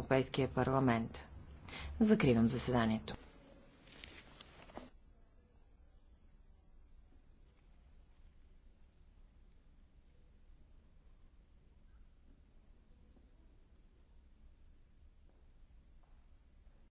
Европейския парламент. Закривам заседанието.